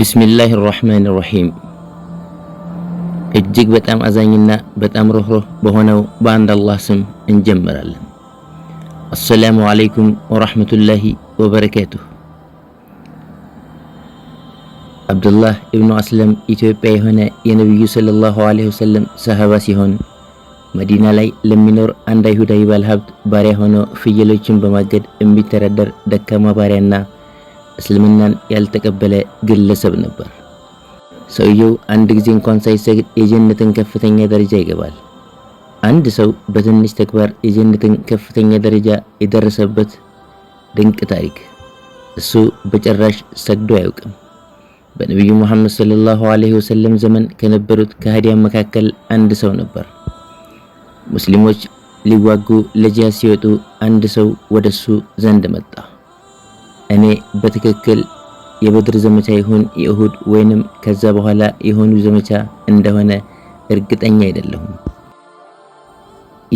ቢስሚላህ ራህማን ራሂም እጅግ በጣም አዛኝና በጣም ሩህሩህ በሆነው በአንድ አላህ ስም እንጀምራለን። አሰላሙ አለይኩም ወራህመቱላሂ ወበረካቱሁ። አብዱላህ ኢብኑ አስለም ኢትዮጵያ የሆነ የነቢዩ ሰለላሁ አለይሂ ወሰለም ሰሃባ ሲሆን መዲና ላይ ለሚኖር አንድ አይሁዳዊ ባለሀብት ባሪያ ሆኖ ፍየሎችን በማገድ የሚተዳደር ደካማ ባሪያና እስልምናን ያልተቀበለ ግለሰብ ነበር። ሰውየው አንድ ጊዜ እንኳን ሳይሰግድ የጀነትን ከፍተኛ ደረጃ ይገባል። አንድ ሰው በትንሽ ተግባር የጀነትን ከፍተኛ ደረጃ የደረሰበት ድንቅ ታሪክ። እሱ በጭራሽ ሰግዶ አያውቅም። በነቢዩ ሙሐመድ ሰለላሁ ዐለይሂ ወሰለም ዘመን ከነበሩት ከሃዲያን መካከል አንድ ሰው ነበር። ሙስሊሞች ሊዋጉ ለጂሃድ ሲወጡ አንድ ሰው ወደሱ ዘንድ መጣ። እኔ በትክክል የበድር ዘመቻ ይሁን የእሁድ ወይንም ከዛ በኋላ የሆኑ ዘመቻ እንደሆነ እርግጠኛ አይደለሁም።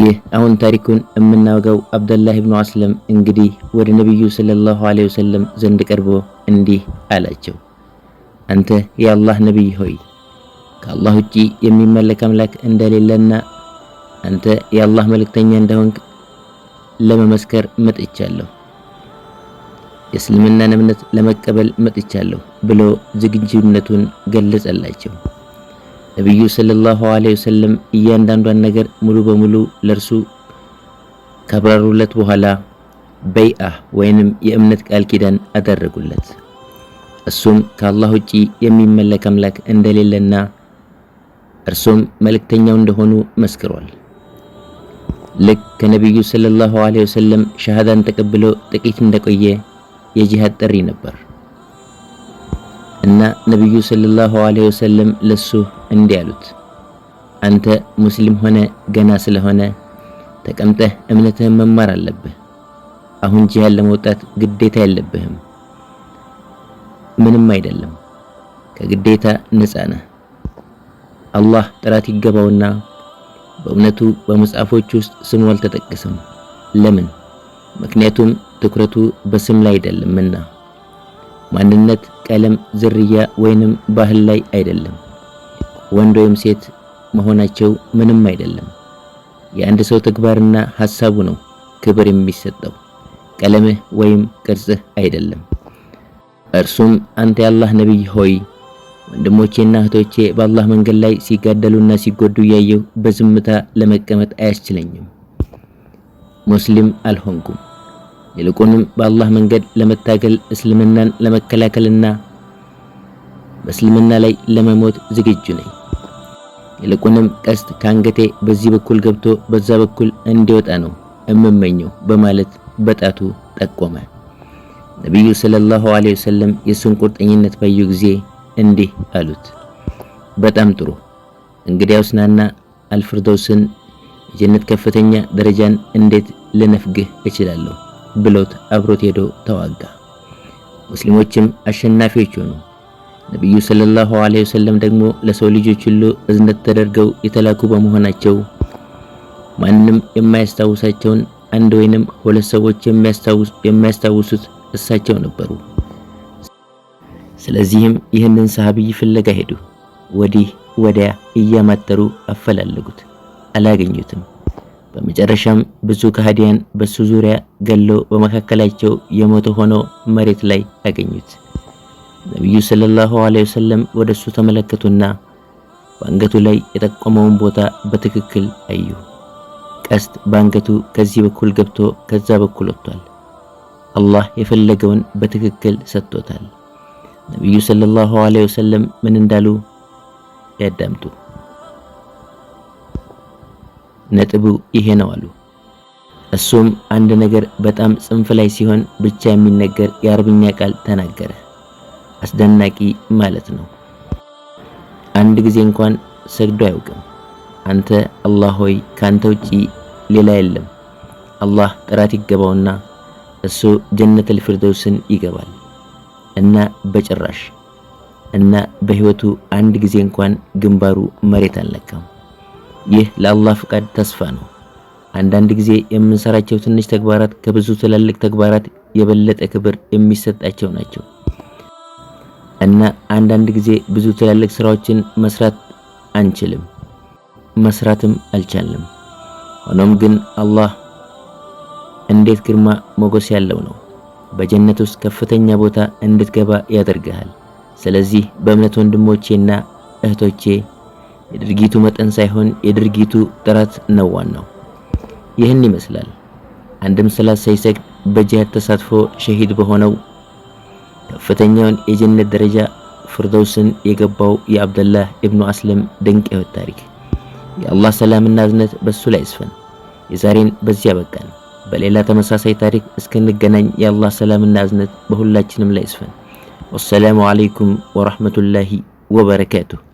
ይህ አሁን ታሪኩን የምናወጋው አብደላህ ኢብኑ አስለም እንግዲህ ወደ ነቢዩ ሰለላሁ ዐለይሂ ወሰለም ዘንድ ቀርቦ እንዲህ አላቸው፣ አንተ የአላህ ነቢይ ሆይ ከአላህ ውጪ የሚመለክ አምላክ እንደሌለና አንተ የአላህ መልእክተኛ እንደሆንክ ለመመስከር መጥቻለሁ። የእስልምናን እምነት ለመቀበል መጥቻለሁ ብሎ ዝግጅነቱን ገለጸላቸው። ነቢዩ ሰለላሁ ዐለይሂ ወሰለም እያንዳንዷን ነገር ሙሉ በሙሉ ለእርሱ ካብራሩለት በኋላ በይአ ወይንም የእምነት ቃል ኪዳን አደረጉለት። እሱም ከአላህ ውጪ የሚመለክ አምላክ እንደሌለና እርሱም መልእክተኛው እንደሆኑ መስክሯል። ልክ ከነቢዩ ሰለላሁ ዐለይሂ ወሰለም ሸሃዳን ተቀብሎ ጥቂት እንደቆየ የጂሃድ ጥሪ ነበር እና ነብዩ ሰለላሁ ዐለይሂ ወሰለም ለሱ እንዲህ አሉት፣ አንተ ሙስሊም ሆነ ገና ስለሆነ ተቀምጠህ እምነትህን መማር አለብህ። አሁን ጂሃድ ለመውጣት ግዴታ የለብህም፣ ምንም አይደለም፣ ከግዴታ ነፃ ነህ። አላህ ጥራት ይገባውና በእውነቱ በመጽሐፎች ውስጥ ስሙ አልተጠቀሰም። ለምን? ምክንያቱም ትኩረቱ በስም ላይ አይደለምና፣ ማንነት፣ ቀለም፣ ዝርያ ወይንም ባህል ላይ አይደለም። ወንድ ወይም ሴት መሆናቸው ምንም አይደለም። የአንድ ሰው ተግባርና ሐሳቡ ነው ክብር የሚሰጠው፣ ቀለምህ ወይም ቅርጽህ አይደለም። እርሱም አንተ የአላህ ነቢይ ሆይ ወንድሞቼና እህቶቼ በአላህ መንገድ ላይ ሲጋደሉና ሲጎዱ እያየሁ በዝምታ ለመቀመጥ አያስችለኝም፣ ሙስሊም አልሆንኩም። ይልቁንም በአላህ መንገድ ለመታገል እስልምናን ለመከላከልና በእስልምና ላይ ለመሞት ዝግጁ ነኝ። ይልቁንም ቀስት ከአንገቴ በዚህ በኩል ገብቶ በዛ በኩል እንዲወጣ ነው እምመኘው በማለት በጣቱ ጠቆመ። ነቢዩ ሰለላሁ ዐለይሂ ወሰለም የሱን ቁርጠኝነት ባዩ ጊዜ እንዲህ አሉት፣ በጣም ጥሩ እንግዲያውስ ናና አልፍርደውስን የጀነት ከፍተኛ ደረጃን እንዴት ልነፍግህ እችላለሁ? ብሎት አብሮት ሄዶ ተዋጋ። ሙስሊሞችም አሸናፊዎች ሆኑ። ነቢዩ ሰለላሁ ዐለይሂ ወሰለም ደግሞ ለሰው ልጆች ሁሉ እዝነት ተደርገው የተላኩ በመሆናቸው ማንም የማያስታውሳቸውን አንድ ወይንም ሁለት ሰዎች የሚያስታውሱት እሳቸው ነበሩ። ስለዚህም ይህንን ሰሃቢይ ፍለጋ ሄዱ። ወዲህ ወዲያ እያማተሩ አፈላለጉት፣ አላገኙትም። በመጨረሻም ብዙ ከሃዲያን በሱ ዙሪያ ገለው በመካከላቸው የሞተ ሆኖ መሬት ላይ አገኙት። ነቢዩ ሰለላሁ ዐለይሂ ወሰለም ወደ እሱ ተመለከቱና በአንገቱ ላይ የጠቆመውን ቦታ በትክክል አዩ። ቀስት በአንገቱ ከዚህ በኩል ገብቶ ከዛ በኩል ወጥቷል። አላህ የፈለገውን በትክክል ሰጥቶታል። ነቢዩ ሰለላሁ ዐለይሂ ወሰለም ምን እንዳሉ ያዳምጡ። ነጥቡ ይሄ ነው አሉ። እሱም አንድ ነገር በጣም ጽንፍ ላይ ሲሆን ብቻ የሚነገር የአረብኛ ቃል ተናገረ። አስደናቂ ማለት ነው። አንድ ጊዜ እንኳን ሰግዶ አያውቅም። አንተ አላህ ሆይ ካንተ ውጪ ሌላ የለም። አላህ ጥራት ይገባውና እሱ ጀነተል ፊርደውስን ይገባል እና በጭራሽ እና በህይወቱ አንድ ጊዜ እንኳን ግንባሩ መሬት አልነካም። ይህ ለአላህ ፍቃድ ተስፋ ነው። አንዳንድ ጊዜ የምንሰራቸው ትንሽ ተግባራት ከብዙ ትላልቅ ተግባራት የበለጠ ክብር የሚሰጣቸው ናቸው እና አንዳንድ ጊዜ ብዙ ትላልቅ ስራዎችን መስራት አንችልም፣ መስራትም አልቻልም። ሆኖም ግን አላህ እንዴት ግርማ ሞገስ ያለው ነው! በጀነት ውስጥ ከፍተኛ ቦታ እንድትገባ ያደርግሃል። ስለዚህ በእምነት ወንድሞቼና እህቶቼ የድርጊቱ መጠን ሳይሆን የድርጊቱ ጥረት ነው ዋናው። ይህን ይመስላል። አንድም ሰላት ሳይሰግድ በጂሃድ ተሳትፎ ሸሂድ በሆነው ከፍተኛውን የጀነት ደረጃ ፍርደውስን የገባው የአብደላህ ኢብኑ አስለም ድንቅ ሕይወት ታሪክ። የአላህ ሰላምና እዝነት በሱ ላይ ይስፈን። የዛሬን በዚያ በቃን። በሌላ ተመሳሳይ ታሪክ እስክንገናኝ የአላህ ሰላምና እዝነት በሁላችንም ላይ ይስፈን። ወሰላሙ አለይኩም ወራህመቱላሂ ወበረካቱሁ።